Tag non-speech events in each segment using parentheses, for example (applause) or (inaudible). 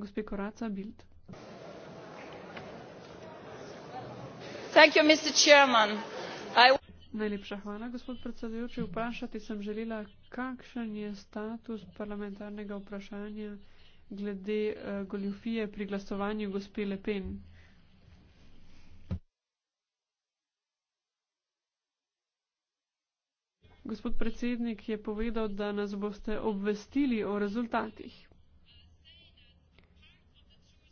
gospe Koraca Bild. Najlepša hvala, gospod predsedujoči. Vprašati sem želela, kakšen je status parlamentarnega vprašanja glede uh, eh, goljofije pri glasovanju gospe Le Pen. Gospod predsednik je povedal, da nas boste obvestili o rezultatih.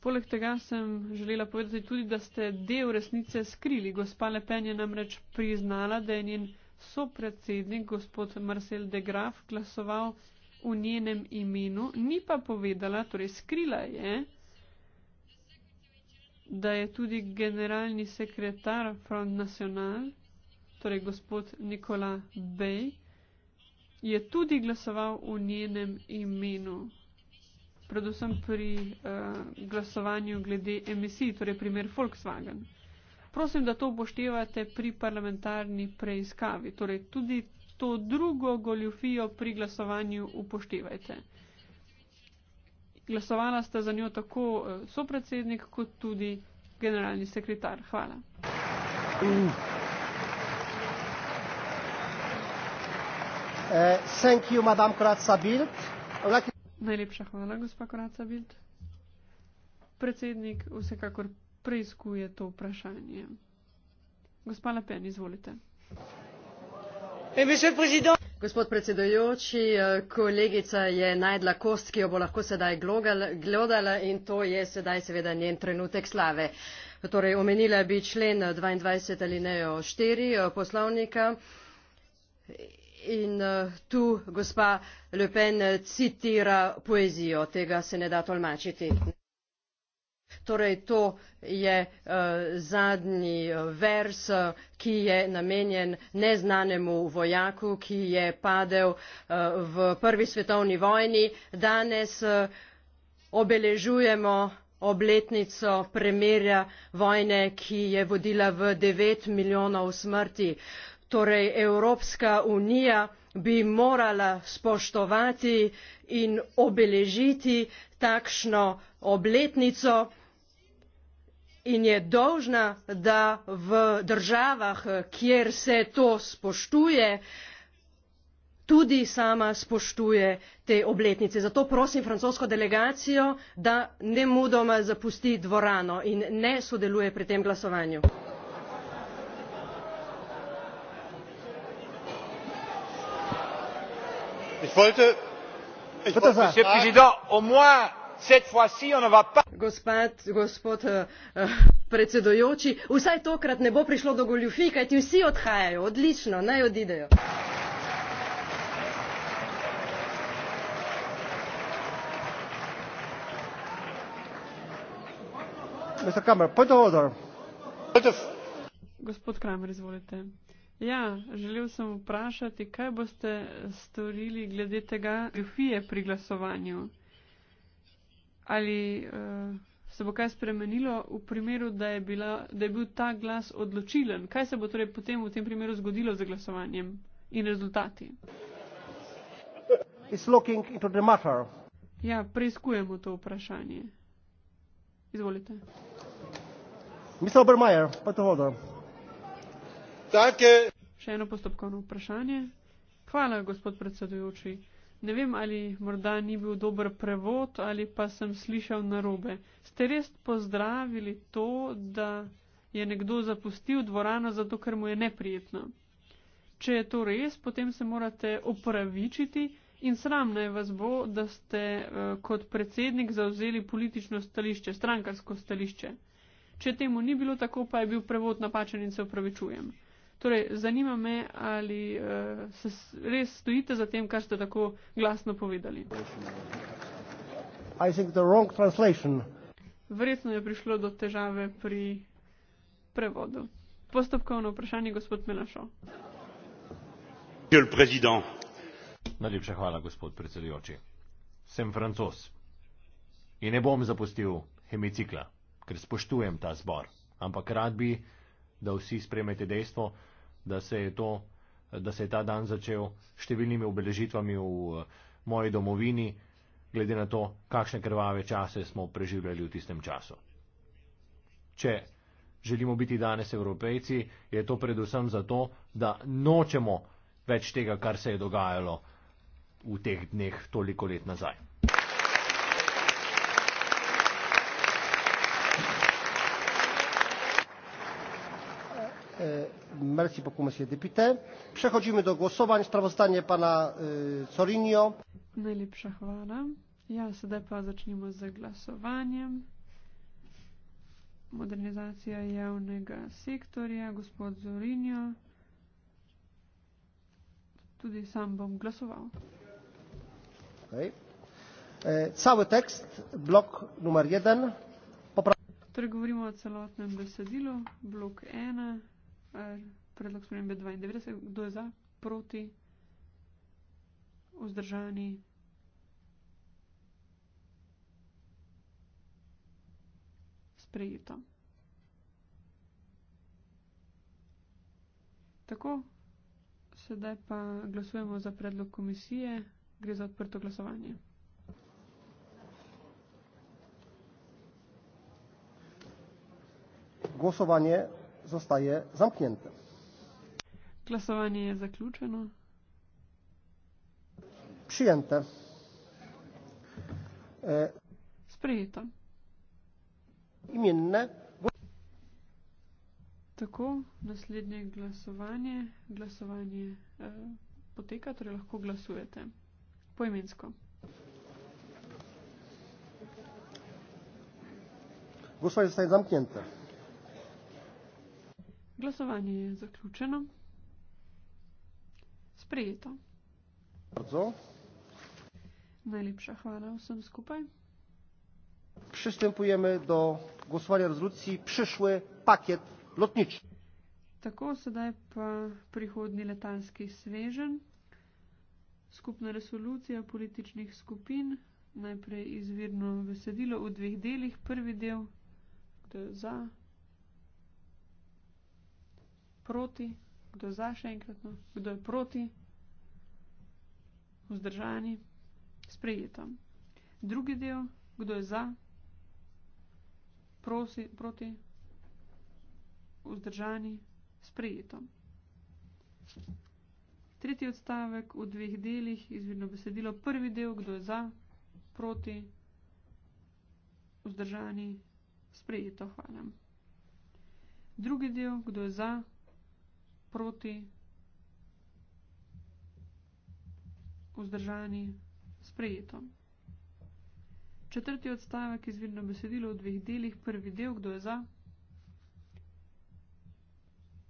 Poleg tega sem želela povedati tudi, da ste del resnice skrili. Gospa Le Pen je namreč priznala, da je njen sopredsednik, gospod Marcel de Graf, glasoval v njenem imenu, ni pa povedala, torej skrila je, da je tudi generalni sekretar Front National, torej gospod Nikola Bej, je tudi glasoval v njenem imenu predvsem pri uh, glasovanju glede emisij, torej primer Volkswagen. Prosim, da to upoštevate pri parlamentarni preiskavi, torej tudi to drugo goljufijo pri glasovanju upoštevajte. Glasovala sta za njo tako eh, sopredsednik, kot tudi generalni sekretar. Hvala. Uh, thank you, Madame Kratz-Sabilt. Najlepša hvala, gospa Koraca Bild. Predsednik vsekakor preizkuje to vprašanje. Gospa Lepen, izvolite. Eh, Gospod predsedujoči, eh, kolegica je najdla kost, ki jo bo lahko sedaj gledala in to je sedaj seveda njen trenutek slave. Torej, omenila bi člen 22 ali nejo 4 poslovnika in eh, tu gospa le pen eh, citira poezijo tega se ne da tolmačiti. Torej, to je uh, zadnji vers, ki je namenjen neznanemu vojaku, ki je padel uh, v prvi svetovni vojni. Danes uh, obeležujemo obletnico premirja vojne, ki je vodila v devet milijonov smrti. Uh, torej evropska unija bi morala spoštovati in obeležiti takšno obletnico in je dolžna da v državah kjer se to spoštuje tudi sama spoštuje te obletnice zato prosim francosko delegacijo da nemudoma zapusti dvorano in ne sodeluje pri tem glasovanju monsieur le président au moins cette fois ci on ne va pas. gospod eh, eh, predsedujoči vsaj tokrat ne bo prišlo do goljufij kajti vsi odhajajo odlično naj odidejo. gospod kramer izvolite. Ja, želel sem vprašati, kaj boste storili glede tega gofije pri glasovanju. Ali uh, se bo kaj spremenilo v primeru, da je, bila, da je bil ta glas odločilen? Kaj se bo torej potem v tem primeru zgodilo z glasovanjem in rezultati? Ja, preizkujemo to vprašanje. Izvolite. Mr. Obermeier, pa to vodo. Take... Še eno postopkovno vprašanje. Hvala, gospod predsedujoči. Ne vem, ali morda ni bil dober prevod ali pa sem slišal narobe. Ste res pozdravili to, da je nekdo zapustil dvorano zato, ker mu je neprijetno? Če je to res, potem se morate opravičiti in sram naj vas bo, da ste eh, kot predsednik zauzeli politično stališče, strankarsko stališče. Če temu ni bilo tako, pa je bil prevod napačen in se opravičujem. Torej, zanima me, ali uh, se res stojite za tem, kar ste tako glasno povedali. Verjetno je prišlo do težave pri prevodu. Postopkovno vprašanje, gospod Menašo. Najlepša hvala, gospod predsedujoči. Sem francos in ne bom zapustil hemicikla, ker spoštujem ta zbor, ampak rad bi da vsi spremete dejstvo, da se je to, da se je ta dan začel številnimi obeležitvami v eh, moji domovini, glede na to, kakšne krvave čase smo preživljali v tistem času. Če želimo biti danes evropejci, je to predvsem zato, da nočemo več tega, kar se je dogajalo v teh dneh toliko let nazaj. merci beaucoup, monsieur député. Przechodzimy do głosowań. Sprawozdanie pana y, Corinio. Najlepsza chwala. Ja, SDP, zaczniemy z zaglasowaniem. Modernizacja jawnego sektora. Gospod Zorinio. Tutaj sam bym głosował. Okay. E, cały tekst, blok numer jeden. Popra- Który mówimy o celotnym besedilu, blok 1 predlog spremembe 92, kdo je za, proti, vzdržani. Prejeto. Tako, sedaj pa glasujemo za predlog komisije, gre za odprto glasovanje. Glasovanje zostaje zamknjeno. Glasovanje je zaključeno. Prijeto. Eh. Sprejeto. Imenne. Tako, naslednje glasovanje. Glasovanje eh, poteka, torej lahko glasujete poimensko. Glasovanje je zaključeno sprejeto. Bardzo. Najlepša hvala vsem skupaj. Pristopujemo do glasovanja rezoluciji prišle paket lotnič. Tako, sedaj pa prihodni letalski svežen. Skupna resolucija političnih skupin, najprej izvirno besedilo v dveh delih. Prvi del, kdo je za, proti. Kdo je za še enkrat, no? kdo je proti, vzdržani, sprejeto. Drugi del, kdo je za, prosi, proti, vzdržani, sprejeto. Tretji odstavek v dveh delih, izvirno besedilo, prvi del, kdo je za, proti, vzdržani, sprejeto, hvala. Drugi del, kdo je za, proti, vzdržani, sprejeto. Četrti odstavek izvirno besedilo v dveh delih. Prvi del, kdo je za,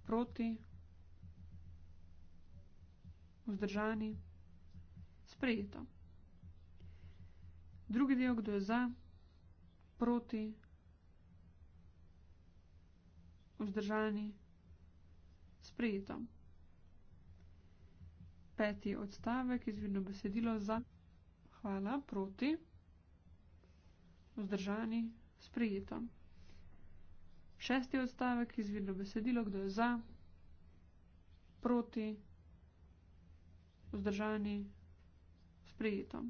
proti, vzdržani, sprejeto. Drugi del, kdo je za, proti, vzdržani, sprejeto sprejeto. Peti odstavek, izvirno besedilo za, hvala, proti, vzdržani, sprejeto. Šesti odstavek, izvirno besedilo, kdo je za, proti, vzdržani, sprejeto.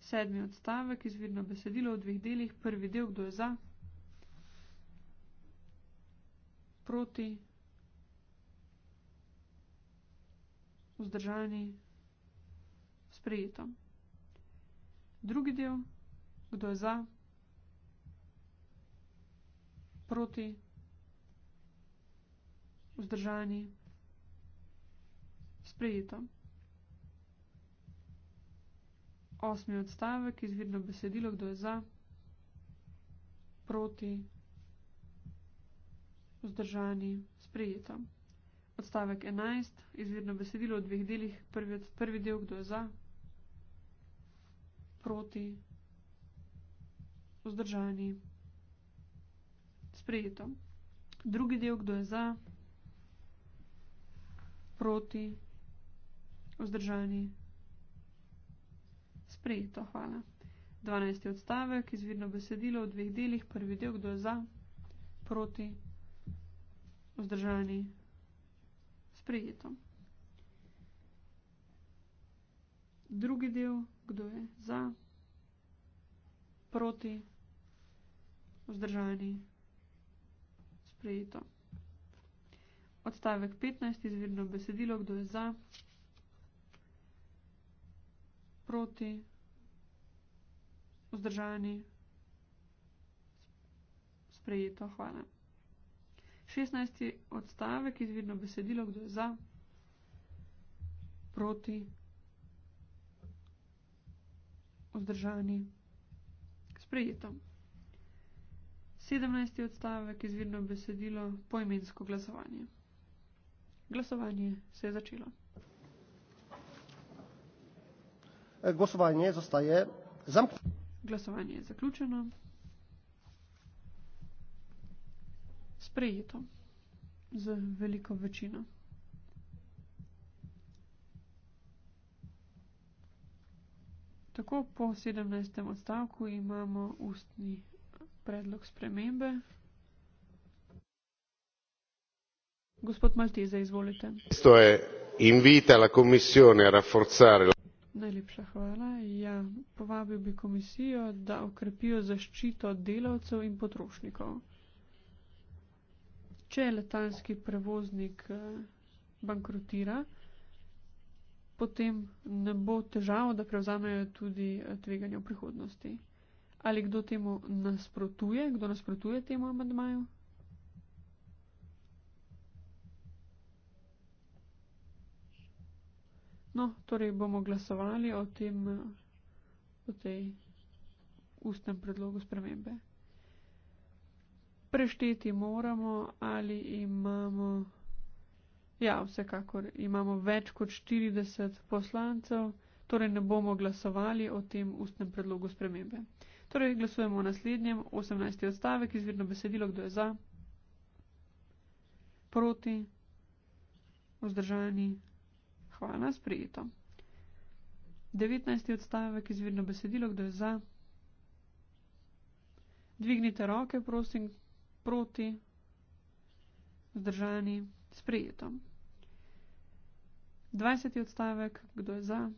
Sedmi odstavek, izvirno besedilo v dveh delih, prvi del, kdo je za, proti, vzdržani, sprejeto. vzdržani, sprejeto. Drugi del, kdo je za, proti, vzdržani, sprejeto. Osmi odstavek, izvirno besedilo, kdo je za, proti, vzdržani, sprejeto. Odstavek 11, izvirno besedilo v dveh delih, prvi, prvi del, kdo je za, proti, vzdržani, sprejeto. Drugi del, kdo je za, proti, vzdržani, sprejeto. Hvala. 12. odstavek, izvirno besedilo v dveh delih, prvi del, kdo je za, proti, vzdržani, sprejeto sprejeto. Drugi del, kdo je za, proti, vzdržani, sprejeto. Odstavek 15, izvirno besedilo, kdo je za, proti, vzdržani, sprejeto, hvala. 16. odstavek, izvirno besedilo, kdo je za, proti, vzdržani, sprejeto. 17. odstavek, izvirno besedilo, poimensko glasovanje. Glasovanje se je začelo. Glasovanje zostaje zamknjeno. Glasovanje je zaključeno. sprejeto z veliko večino. Tako po 17. odstavku imamo ustni predlog spremembe. Gospod Malteza, izvolite. To je invita la komisijone a rafforzare. Najlepša hvala. Ja, povabil bi komisijo, da okrepijo zaščito delavcev in potrošnikov če letalski prevoznik eh, bankrotira, potem ne bo težavo, da prevzamejo tudi eh, tveganje v prihodnosti. Ali kdo temu nasprotuje, kdo nasprotuje temu amadmaju? No, torej bomo glasovali o tem, eh, o tej ustnem predlogu spremembe prešteti moramo, ali imamo, ja, vsekakor imamo več kot 40 poslancev, torej ne bomo glasovali o tem ustnem predlogu spremembe. Torej glasujemo o naslednjem, 18. odstavek, izvirno besedilo, kdo je za, proti, vzdržani, hvala, sprijeto. 19. odstavek, izvirno besedilo, kdo je za, dvignite roke, prosim, proti, zdržani, sprejeto. 20. odstavek, kdo je za?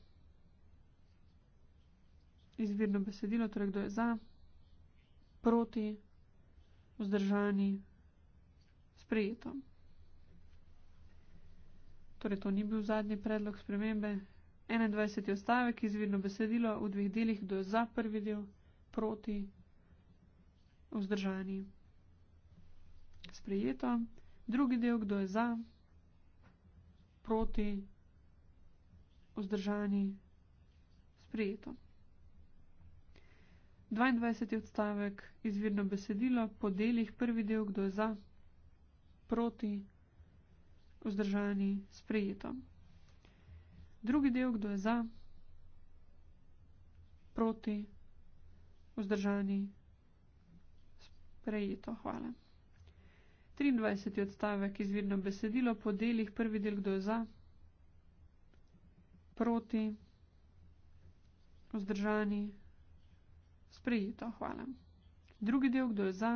Izvirno besedilo, torej kdo je za, proti, vzdržani, sprejeto. Torej, to ni bil zadnji predlog spremembe. 21. ostavek, izvirno besedilo, v dveh delih, kdo je za prvi del, proti, vzdržani, sprejeto sprejeta. Drugi del, kdo je za, proti, vzdržani, sprejeto. 22. odstavek, izvirno besedilo, po delih, prvi del, kdo je za, proti, vzdržani, sprejeto. Drugi del, kdo je za, proti, vzdržani, sprejeto. Hvala. 23. odstavek izvirno besedilo po delih prvi del kdo je za, proti, vzdržani, sprejeto, hvala. Drugi del kdo je za,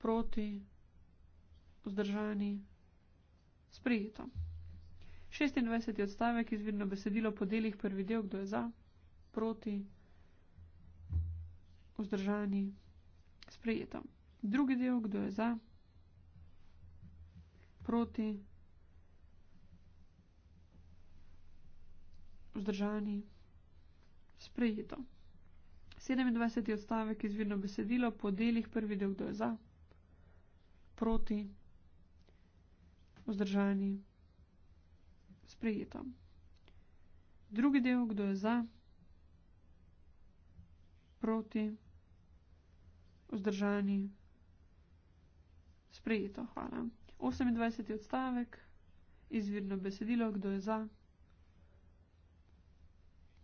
proti, vzdržani, sprejeto. 26. odstavek izvirno besedilo po delih prvi del kdo je za, proti, vzdržani, sprejeto. Drugi del, kdo je za, proti, vzdržani, sprejeto. 27. odstavek izvirno besedilo, po delih prvi del, kdo je za, proti, vzdržani, sprejeto. Drugi del, kdo je za, proti, vzdržani, sprejeto. Sprejeto, hvala. 28. odstavek, izvirno besedilo, kdo je za?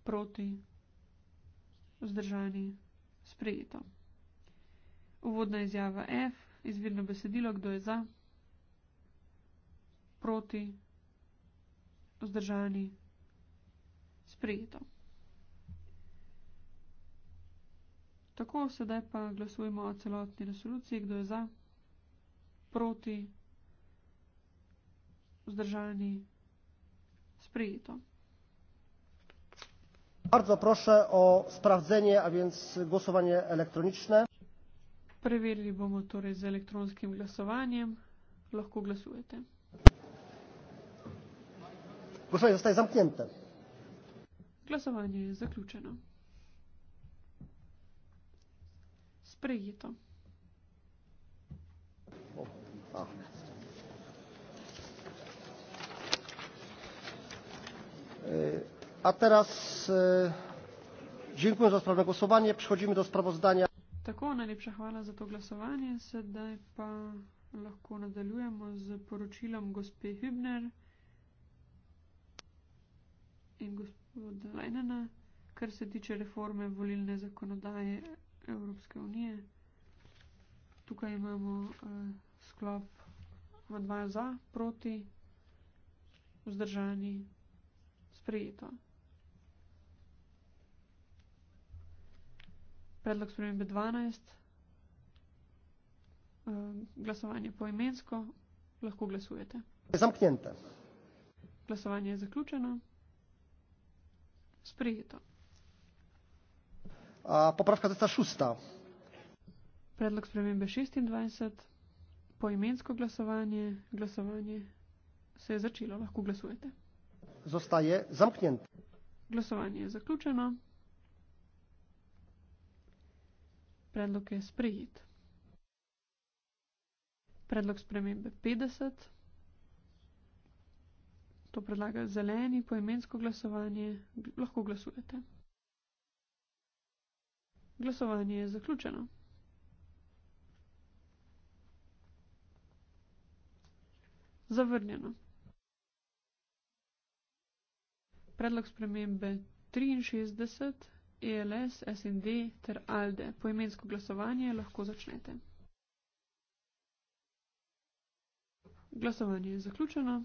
Proti. Vzdržani. Sprejeto. Uvodna izjava F, izvirno besedilo, kdo je za? Proti. Vzdržani. Sprejeto. Tako, sedaj pa glasujemo o celotni resoluciji, kdo je za? Proti proti, vzdržani, sprejeto. Bardzo proszę o sprawdzenie, a więc głosowanie elektroniczne. Preverili bomo torej z elektronskim głosowaniem. Lohko głosujete. Głosowanie zostaje zamknięte. Głosowanie jest zakluczone. Sprejito. A teraz e, dziękuję za sprawne głosowanie. Przechodzimy do sprawozdania. Tak, najlepsza chwała za to głosowanie. Sedaj pa lahko nadaljujemo z poročilom gospe Hübner in gospoda Leinena, kar se tiče reforme volilne zakonodaje Evropske unije. Tukaj imamo uh, sklop v dva za, proti, vzdržani, sprejeto. Predlog spremembe 12. Ehm, glasovanje poimensko. Lahko glasujete. Zamknjente. Glasovanje je zaključeno. Sprejeto. Popravka za ta šusta. Predlog spremembe 26 poimensko glasovanje, glasovanje se je začelo, lahko glasujete. Zostaje zamknjen. Glasovanje je zaključeno. Predlog je sprejet. Predlog spremembe 50. To predlaga zeleni poimensko glasovanje, lahko glasujete. Glasovanje je zaključeno. Zavrnjeno. Predlog spremembe 63, ELS, SND ter ALDE. Poimensko glasovanje lahko začnete. Glasovanje je zaključeno.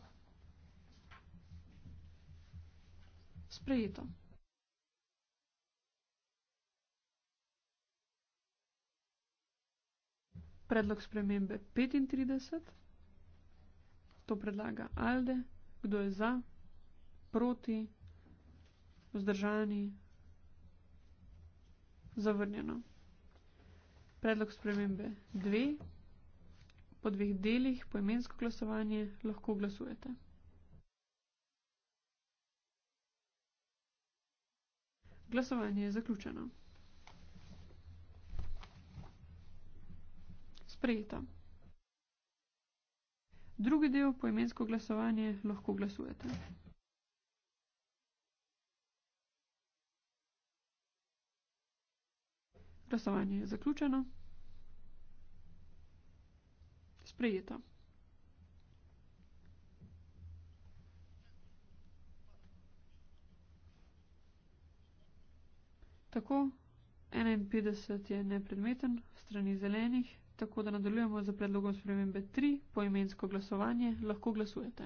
Sprejeto. Predlog spremembe 35. To predlaga Alde, kdo je za, proti, vzdržani, zavrnjeno. Predlog spremembe 2. Po dveh delih poimensko glasovanje lahko glasujete. Glasovanje je zaključeno. Sprejeto. Drugi del, poimensko glasovanje, lahko glasujete. Glasovanje je zaključeno. Sprejeto. Tako, 51 je nepredmeten, strani zelenih, tako da nadaljujemo z predlogom spremembe 3, poimensko glasovanje, lahko glasujete.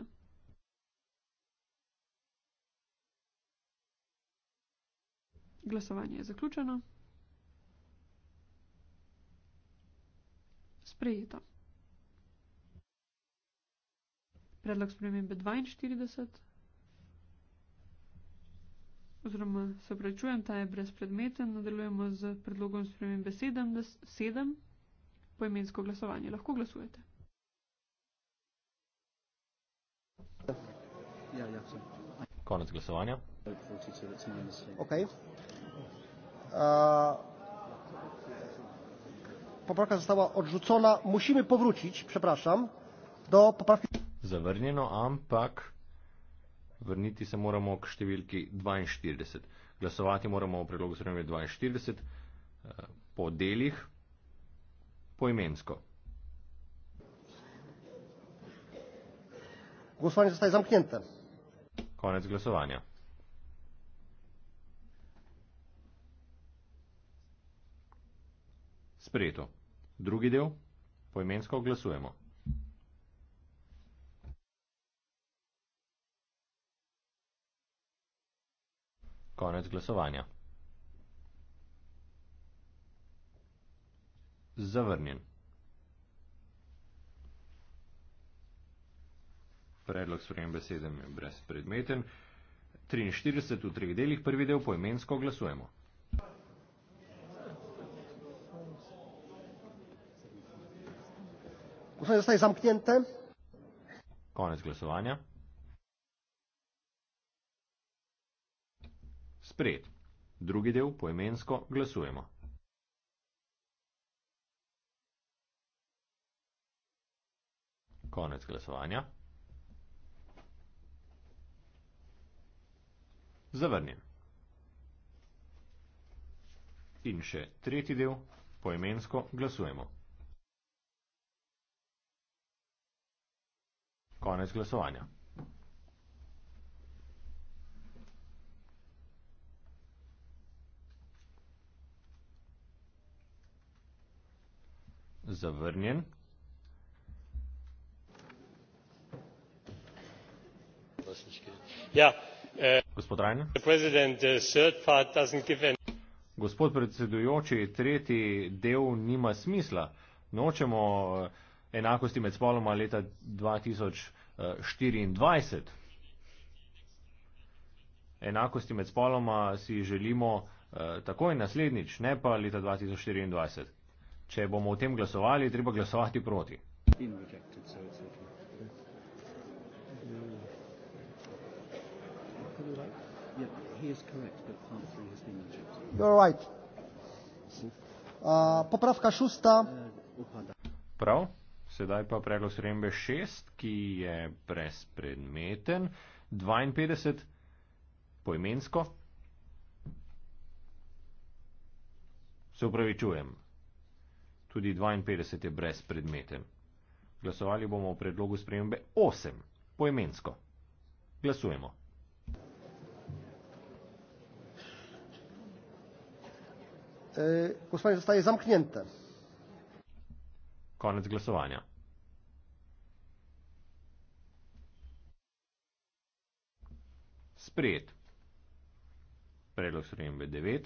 Glasovanje je zaključeno. Sprejeto. Predlog spremembe 42, oziroma se prečujem, ta je brezpredmeten, nadaljujemo z predlogom spremembe 70, 7, poimensko glasovanje. Lahko glasujete. Ja, ja, Konec glasovanja. Ok. Uh, e, poprava zastava odrzucona. Musimy povrócić, przepraszam, do poprawki. Zavrnjeno, ampak vrniti se moramo k številki 42. Glasovati moramo o predlogu spremembe 42 e, po delih poimensko. Glasovanje zostaje zamknjeno. Konec glasovanja. Sprejeto. Drugi del. Poimensko glasujemo. Konec glasovanja. zavrnjen. Predlog sprejem besede je brezpredmeten. 43 v treh delih prvi del poimensko glasujemo. Konec glasovanja. Spred. Drugi del poimensko glasujemo. konec glasovanja. Zavrnjen. In še tretji del, poimensko glasujemo. Konec glasovanja. Zavrnjen. Ja, eh, eh, gospod predsedujoči tretji del nima smisla nočemo eh, enakosti med spoloma leta dva tisoč štiriindvajset enakosti med spoloma si želimo takoj naslednjič ne pa leta dva tisoč štiriindvajset če bomo o tem glasovali je treba glasovati proti he is correct that Psalm 3 has been rejected. You're right. Uh, popravka šusta. Uh, Prav, sedaj pa predlog srembe šest, ki je brezpredmeten. 52, poimensko. Se upravičujem, tudi 52 je brezpredmeten. Glasovali bomo o predlogu srembe osem, poimensko. Glasujemo. E, głosowanie zostaje zamknięte. Koniec głosowania. Sprejet. Predlog sprejembe 9.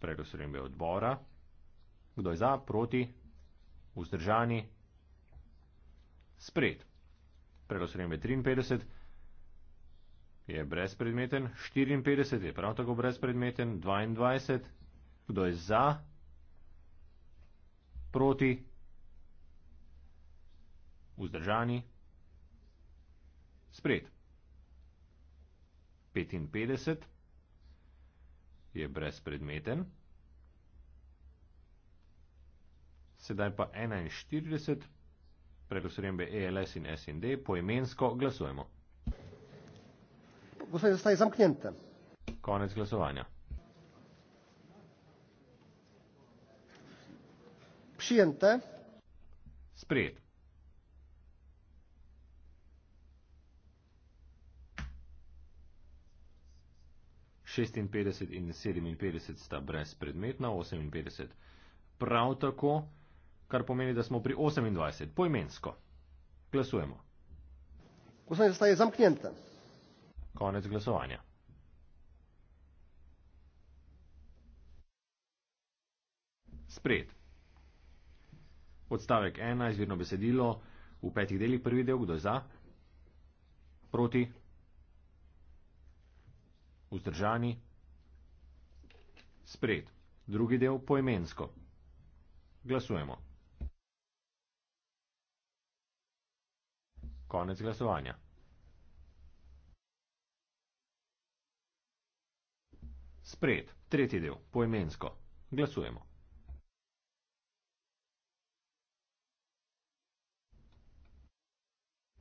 Predlog sprejembe odbora. Kdo je za, proti, vzdržani? Sprejet. Predlog sprejembe 53 je brezpredmeten, 54 je prav tako brezpredmeten, 22, kdo je za, proti, vzdržani, spred. 55 je brezpredmeten, sedaj pa 41, prek usrembe ELS in SND, poimensko glasujemo. Głosowanie zostaje zamknięte. Koniec głosowania. Przyjęte. Sprit. Šestinpetdeset in sedeminpetdeset sta brezpredmetna, oseminpetdeset prav tako, kar pomeni, da smo pri osemindvajset, pojmensko. Glasujemo. Glasovanje zostaje zamknjeno. Konec glasovanja. Spred. Odstavek 1, izvirno besedilo, v petih delih prvi del, kdo je za? Proti? Vzdržani? Spred. Drugi del poimensko. Glasujemo. Konec glasovanja. Sprejet. Tretji del. Poimensko. Glasujemo.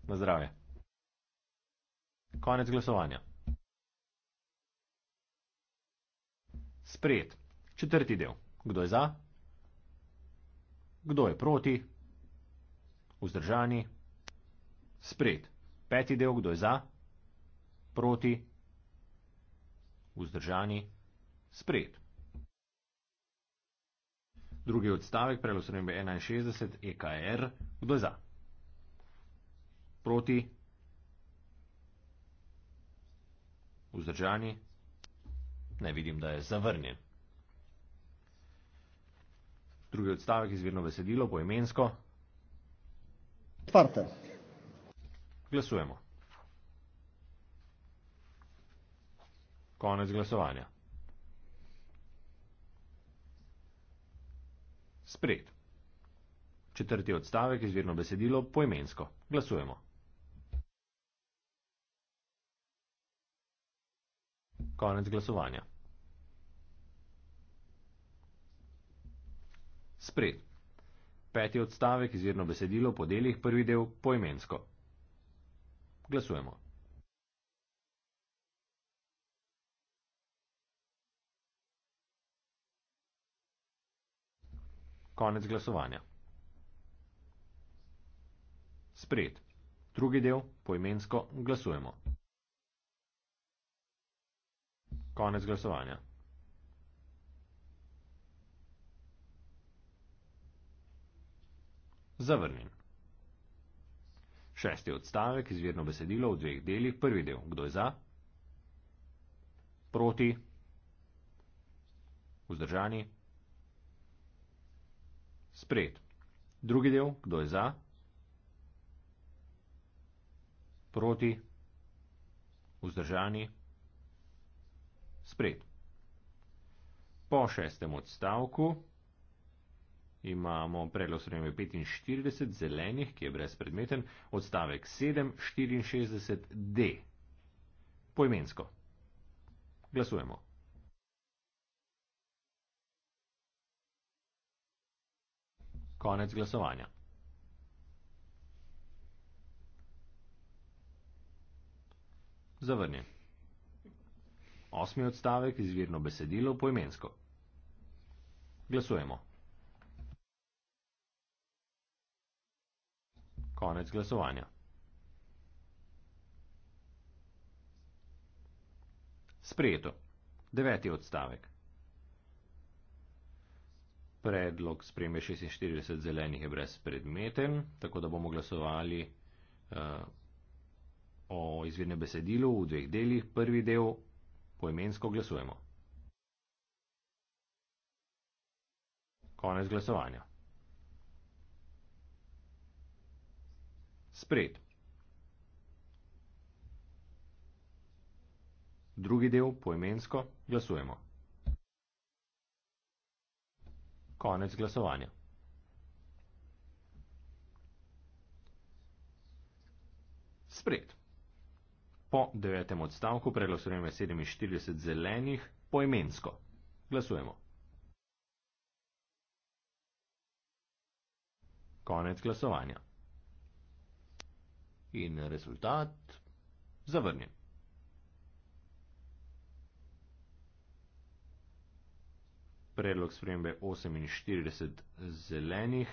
Na zdravje. Konec glasovanja. Sprejet. Četrti del. Kdo je za? Kdo je proti? Vzdržani. Sprejet. Peti del. Kdo je za? Proti. Vzdržani sprejet. Drugi odstavek, prelosrembe 61, EKR, kdo je za? Proti? Vzdržani? Ne vidim, da je zavrnjen. Drugi odstavek, izvirno besedilo, poimensko. Tvarte. Glasujemo. Konec glasovanja. Sprejet. Četrti odstavek izvirno besedilo poimensko. Glasujemo. Konec glasovanja. Sprejet. Peti odstavek izvirno besedilo po delih prvi del poimensko. Glasujemo. Konec glasovanja. Spred. Drugi del, poimensko, glasujemo. Konec glasovanja. Zavrnjen. Šesti odstavek, izvirno besedilo v dveh delih, prvi del, kdo je za? Proti? Vzdržani? Sprejet. Drugi del, kdo je za? Proti? Vzdržani? Sprejet. Po šestem odstavku imamo predlog sprejeme 45 zelenih, ki je brezpredmeten, odstavek 7, 64D. Poimensko. Glasujemo. Konec glasovanja. Zavrnjen. Osmi odstavek izvirno besedilo poimensko. Glasujemo. Konec glasovanja. Sprejeto. Deveti odstavek predlog spreme 46 zelenih je brezpredmeten, tako da bomo glasovali uh, o izvirnem besedilu v dveh delih. Prvi del poimensko glasujemo. Konec glasovanja. Spred. Drugi del poimensko glasujemo. konec glasovanja. Spred. Po devetem odstavku preglasujemo 47 zelenih poimensko. Glasujemo. Konec glasovanja. In rezultat zavrnjen. predlog spremembe 48 zelenih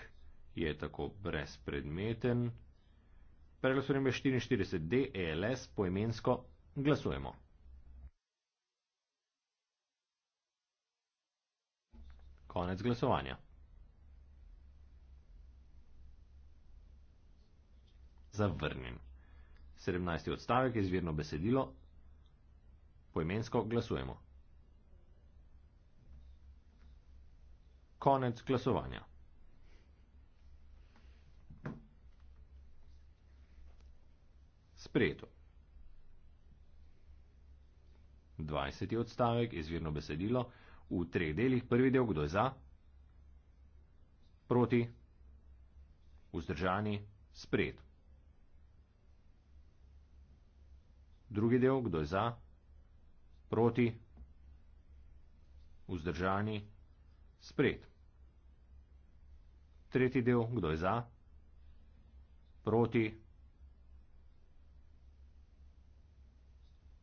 je tako brezpredmeten. Predlog spremembe 44 DLS e poimensko glasujemo. Konec glasovanja. Zavrnjen. 17. odstavek je izvirno besedilo. Poimensko glasujemo. Konec glasovanja. Sprejeto. 20. odstavek, izvirno besedilo, v treh delih, prvi del, kdo je za, proti, vzdržani, spred. Drugi del, kdo je za, proti, vzdržani, spred. Tretji del, kdo je za? Proti?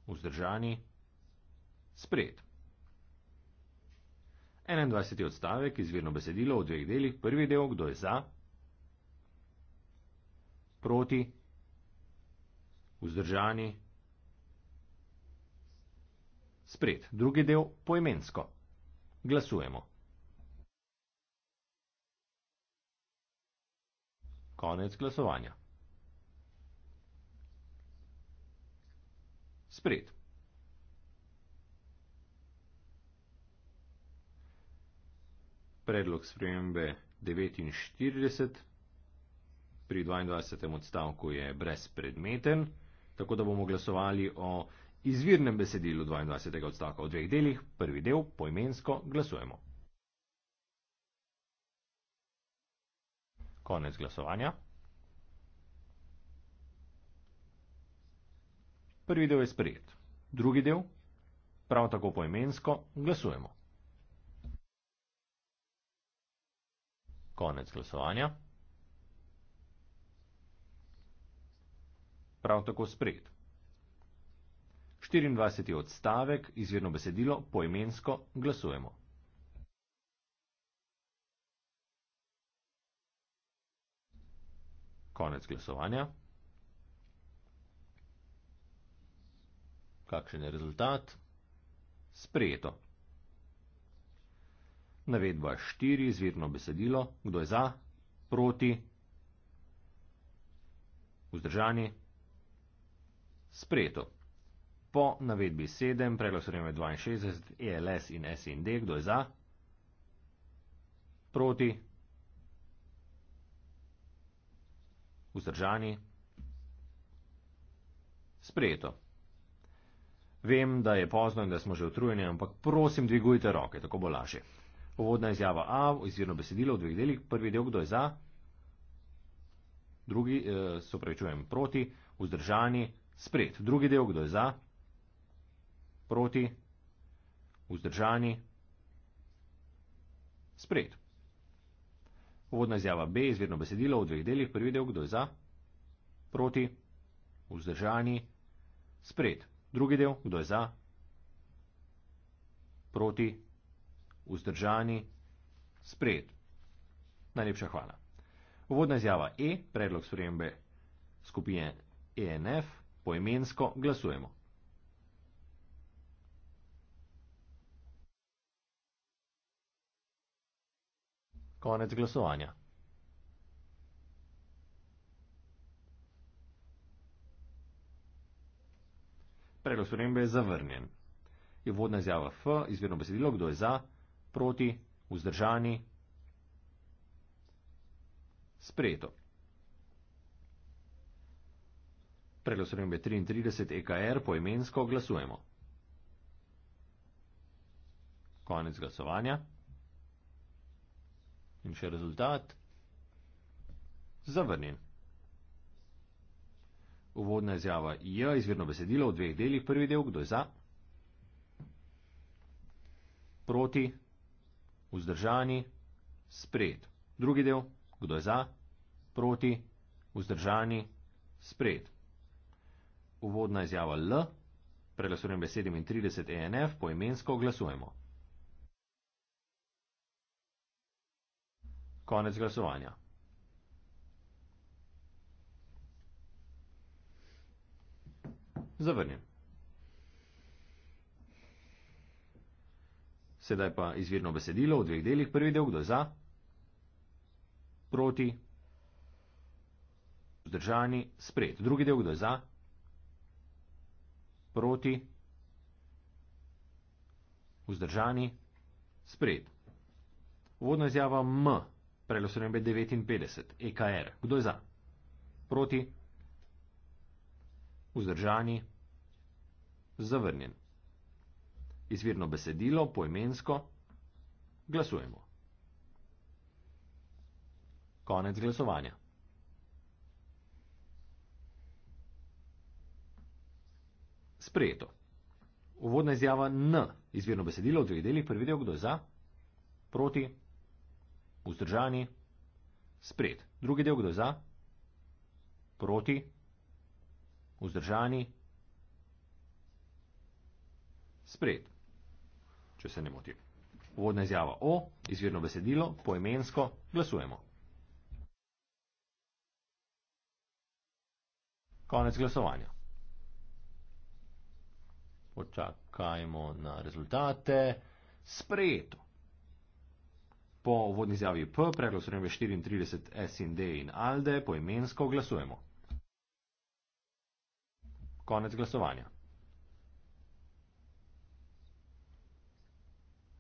Vzdržani? Sprejet. 21. odstavek, izvirno besedilo v dveh delih, prvi del, kdo je za? Proti? Vzdržani? Sprejet. Drugi del, poimensko. Glasujemo. Konec glasovanja. Spred. Predlog spremembe 49 pri 22. odstavku je brezpredmeten, tako da bomo glasovali o izvirnem besedilu 22. odstavka v dveh delih. Prvi del poimensko glasujemo. Konec glasovanja. Prvi del je sprejet. Drugi del, prav tako poimensko, glasujemo. Konec glasovanja. Prav tako sprejet. 24. odstavek, izvirno besedilo, poimensko, glasujemo. konec glasovanja. Kakšen je rezultat? Sprejeto. Navedba štiri, izvirno besedilo, kdo je za, proti, vzdržani. Sprejeto. Po navedbi 7, predlog so vreme 62, ELS in SND, kdo je za, proti, vzdržani. Vzdržani? Sprejeto. Vem, da je pozno in da smo že utrujeni, ampak prosim, dvigujte roke, tako bo lažje. Uvodna izjava A, izvirno besedilo v dveh delih, prvi del, kdo je za, drugi, eh, se upravičujem, proti, vzdržani, sprejet. Drugi del, kdo je za, proti, vzdržani, sprejet. Uvodna izjava B, izvirno besedilo v dveh delih, prvi del, kdo je za, proti, vzdržani, spred. Drugi del, kdo je za, proti, vzdržani, spred. Najlepša hvala. Uvodna izjava E, predlog spremembe skupine ENF, poimensko glasujemo. Konec glasovanja. Predlog spremembe je zavrnjen. Je vodna izjava F, izvirno besedilo, kdo je za, proti, vzdržani. Sprejeto. Predlog spremembe 33 EKR poimensko glasujemo. Konec glasovanja. In še rezultat? Zavrnjen. Uvodna izjava J, izvirno besedilo v dveh delih, prvi del, kdo je za? Proti, vzdržani, sprejet. Drugi del, kdo je za? Proti, vzdržani, sprejet. Uvodna izjava L, preglasujem besedim in e 30 ENF, poimensko glasujemo. Konec glasovanja. Zavrnjen. Sedaj pa izvirno besedilo v dveh delih. Prvi del, kdo je za, proti, vzdržani, spred. Drugi del, kdo je za, proti, vzdržani, spred. Vodna izjava M prelosrembe 59, EKR. Kdo je za? Proti? Vzdržani? Zavrnjen. Izvirno besedilo, poimensko, glasujemo. Konec glasovanja. Sprejeto. Uvodna izjava N, izvirno besedilo v dveh delih, prvi del, kdo je za, proti, vzdržani, spred, drugi del kdo za, proti, vzdržani, spred, če se ne motim. Uvodna izjava o, izvirno besedilo, poimensko, glasujemo. Konec glasovanja. Počakajmo na rezultate. Sprejeto po uvodni izjavi P, preglas v rembe 34 S in D in Alde, poimensko glasujemo. Konec glasovanja.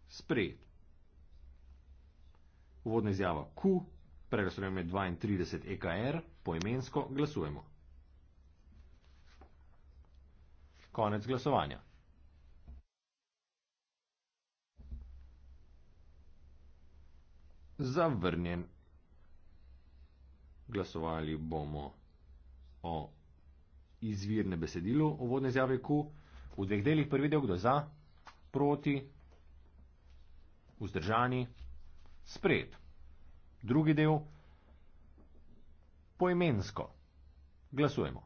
Sprejet. Uvodna izjava Q, preglas v rembe 32 EKR, poimensko glasujemo. Konec glasovanja. zavrnjen. Glasovali bomo o izvirne besedilo o vodne zjave Q. V dveh delih prvi del, kdo za, proti, vzdržani, sprejet. Drugi del, poimensko. Glasujemo.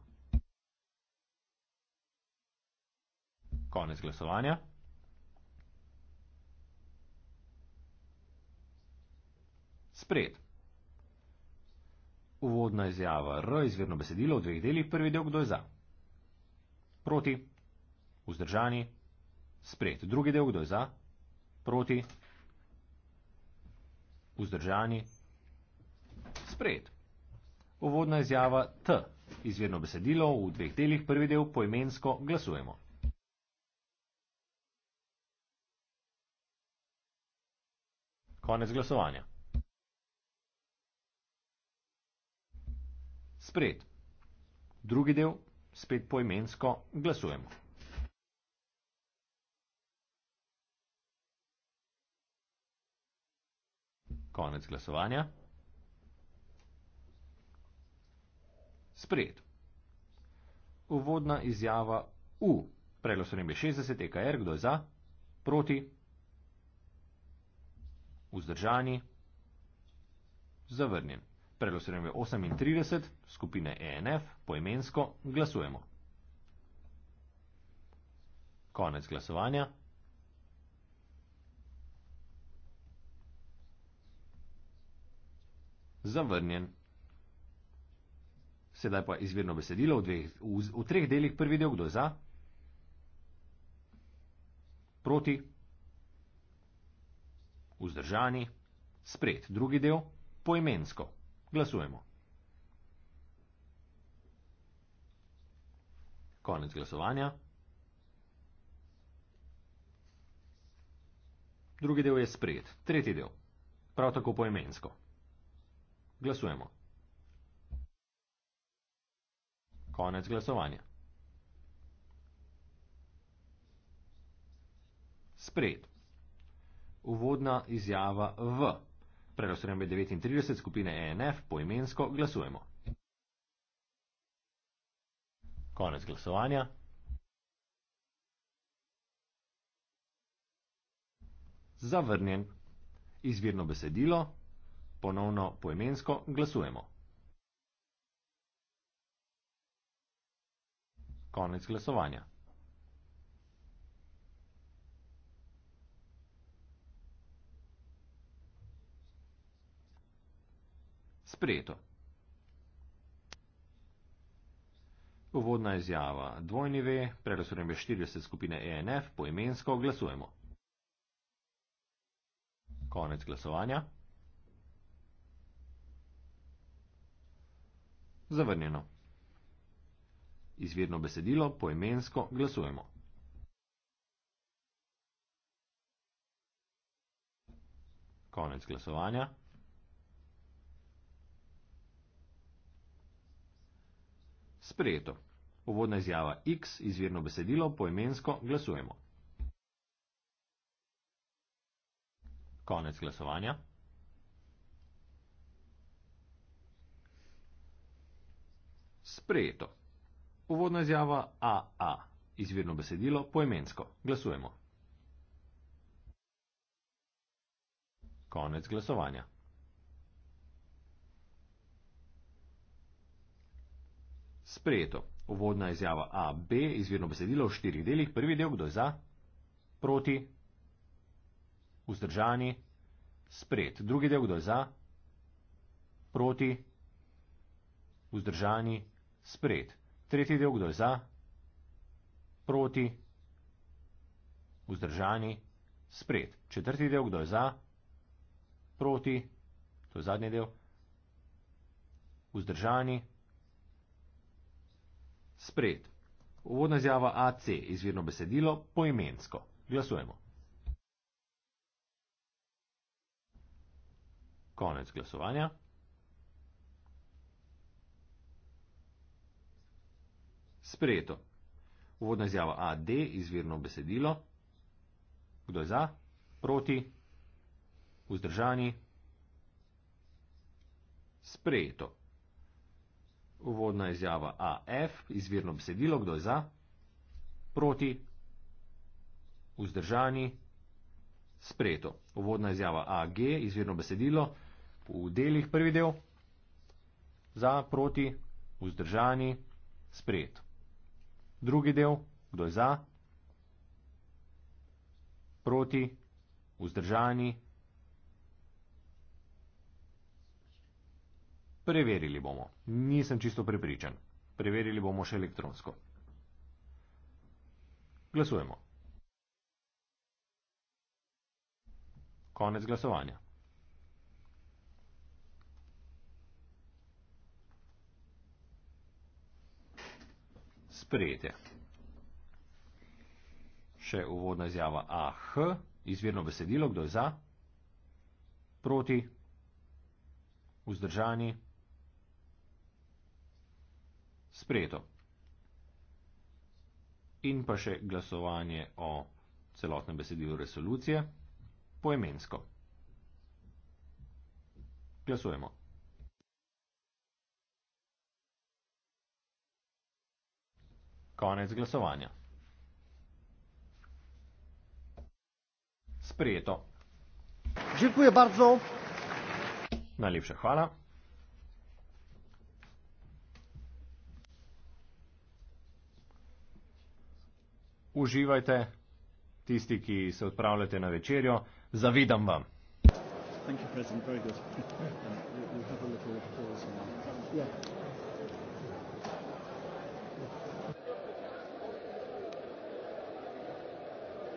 Konec glasovanja. Sprejet. Uvodna izjava R. Izvirno besedilo v dveh delih. Prvi del, kdo je za? Proti. Vzdržani. Sprejet. Drugi del, kdo je za? Proti. Vzdržani. Sprejet. Uvodna izjava T. Izvirno besedilo v dveh delih. Prvi del poimensko glasujemo. Konec glasovanja. Spred. Drugi del, spet poimensko, glasujemo. Konec glasovanja. Spred. Uvodna izjava U. Preglasovanje je 60, EKR, kdo je za? Proti. Vzdržani. Zavrnjen. Preglasujemo 38 skupine ENF, poimensko glasujemo. Konec glasovanja. Zavrnjen. Sedaj pa izvirno besedilo v, dveh, v, v treh delih. Prvi del, kdo je za? Proti? Vzdržani? Spred. Drugi del? Poimensko. Glasujemo. Konec glasovanja. Drugi del je sprejet, tretji del, prav tako poemensko. Glasujemo. Konec glasovanja. Sprejet. Uvodna izjava V. Preglasujem med 39 skupine ENF, poimensko glasujemo. Konec glasovanja. Zavrnjen. Izvirno besedilo. Ponovno poimensko glasujemo. Konec glasovanja. sprejeto. Uvodna izjava dvojni V, predosorem je 40 skupine ENF, poimensko glasujemo. Konec glasovanja. Zavrnjeno. Izvirno besedilo poimensko glasujemo. Konec glasovanja. sprejeto. Uvodna izjava X, izvirno besedilo, poimensko glasujemo. Konec glasovanja. Sprejeto. Uvodna izjava AA, izvirno besedilo, poimensko. Glasujemo. Konec glasovanja. sprejeto. Uvodna izjava A, B, izvirno besedilo v štirih delih, prvi del, kdo je za, proti, vzdržani, sprejet. Drugi del, kdo je za, proti, vzdržani, sprejet. Tretji del, kdo je za, proti, vzdržani, sprejet. Četrti del, kdo je za, proti, to je zadnji del, vzdržani, sprejet. Spred. Uvodna izjava AC, izvirno besedilo, poimensko. Glasujemo. Konec glasovanja. Sprejeto. Uvodna izjava AD, izvirno besedilo. Kdo je za? Proti? Vzdržani? Sprejeto uvodna izjava AF, izvirno besedilo, kdo je za, proti, vzdržani, sprejeto. Uvodna izjava AG, izvirno besedilo, v delih prvi del, za, proti, vzdržani, sprejeto. Drugi del, kdo je za, proti, vzdržani, sprejeto. Preverili bomo. Nisem čisto prepričan. Preverili bomo še elektronsko. Glasujemo. Konec glasovanja. Sprejete. Še uvodna izjava AH, izvirno besedilo, kdo je za, proti, vzdržani sprejeto. In pa še glasovanje o celotnem besedilu resolucije, poemensko. Glasujemo. Konec glasovanja. Sprejeto. Dziękuję bardzo. Najlepsze hvala. uživajte, tisti, ki se odpravljate na večerjo, zavidam vam. Thank you, President. Very good. (laughs) Um, we have a little pause now. Yeah.